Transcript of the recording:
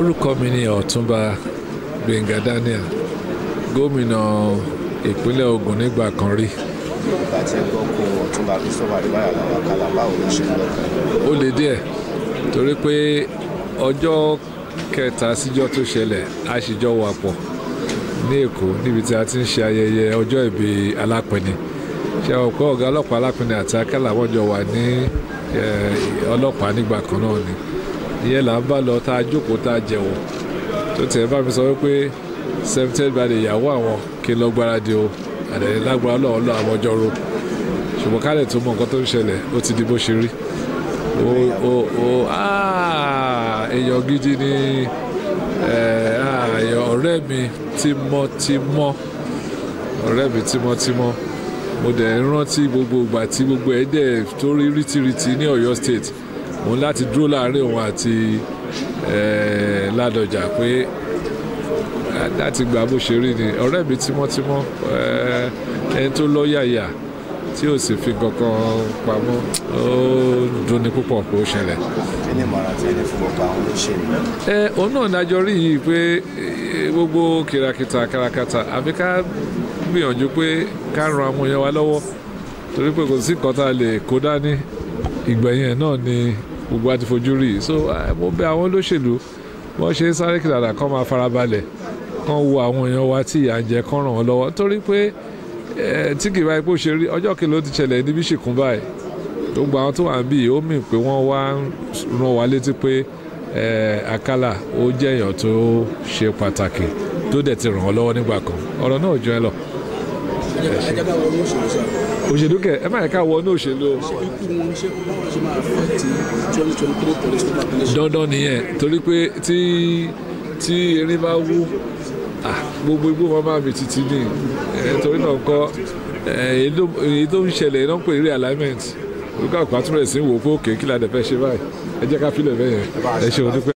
orúkọ mi ni ọ̀túnba gbẹ̀ngà daniel gómìnà ìpínlẹ̀ Ògùn nígbà kan rí. nígbà tí ẹ gbọ́ kó ọ̀túnba christopher rivara làwọn akálà báwo ló ṣe lọ. ó le díẹ̀ torí pé ọjọ́ kẹta síjọ́ tó ṣẹlẹ̀ a sì jọ wà pọ̀ ní Èkó níbi tí a ti ń ṣe ayẹyẹ ọjọ́ ìbí Alápinni ṣe àwọn ọ̀gá ọlọ́pàá Alápinni àti akálà wọ́n jọ wà ní ọlọ́pàá nígbà kan náà ni ìyẹn là ń bá lọ tá a jókòó tá a jẹ̀wò tó tiẹ̀ bá mi sọ wípé seventeen bá lè yàwó àwọn kí n lọ gbáradì o àdẹ̀yẹ lágbára lọ́wọ́ lọ àwọn ọjọ́ ro ṣùgbọ́n ká lè tó mọ nǹkan tó ń ṣẹlẹ̀ ó ti di bó ṣe rí o o o ah, èèyàn gidi ni eh, ah, èèyàn ọ̀rẹ́ mi tímọ́tímọ́ ọ̀rẹ́ mi tímọ́tímọ́ mo dẹ̀ ń rántí gbogbo ìgbà tí gbogbo ẹ̀ dẹ̀ tó rí rítíritì ní Ọ̀yọ́ state òun láti dúró láàrin òun àti Ládọjà pé láti gbà bó ṣe rí ni ọ̀rẹ́ mi tímọ́tímọ́ ẹni tó lọ́yàyà tí ò sì fi kankan pamọ́ ó dunni púpọ̀ kó ṣẹlẹ̀. kí ni ìmọ̀ràn tí ẹni fún gbogbo àwọn olóṣèlú. ẹ òun náà dájọ́ rí yìí pé gbogbo kìràkìtà kàràkàtà àfi ká gbìyànjú pé ká ran àwọn wa lọ́wọ́ torí pé kò sí nǹkan tá a lè kó dání ìgbà yẹn náà ni gbogbo àti fojú rí so eh, mo bẹ̀ àwọn olóṣèlú wọ́n ṣe sáré kìlàdà kán máa farabalẹ̀ kán wo àwọn èèyàn wa tí ìyà ń jẹ kán ràn wọ́n lọ́wọ́ torí pé eh, tí kì í bá ipò ṣe rí ọjọ́ kìló ti ṣẹlẹ̀ níbi ṣìkún báyìí gbogbo àwọn tó wà ń bì í ó mì pé wọ́n wá ń ràn wá létí pé eh, àkàlà ó jẹ́ èèyàn tó ṣe pàtàkì tó dẹ̀ ti ràn wọ́n lọ́wọ́ nígbà kan ọ̀rọ̀ náà jọ ẹ lọ òṣèlú kẹ ẹ má yẹ ká wọnú òṣèlú o. dandan nìyẹn torí pé tí tí erin bá wú gbogbo igbó wọn máa mi títí ní torí náà kọ èyí tó ń ṣẹlẹ̀ iná ń pè ní realignment olùkọ́ àkùnrin àtúnbẹ̀rẹ̀ sí ń wò ó pé òkè kí la dẹ̀ fẹ́ ṣe báyìí ẹ jẹ́ ká fílẹ̀ bẹ́yẹn ẹ ṣe òní pẹ́.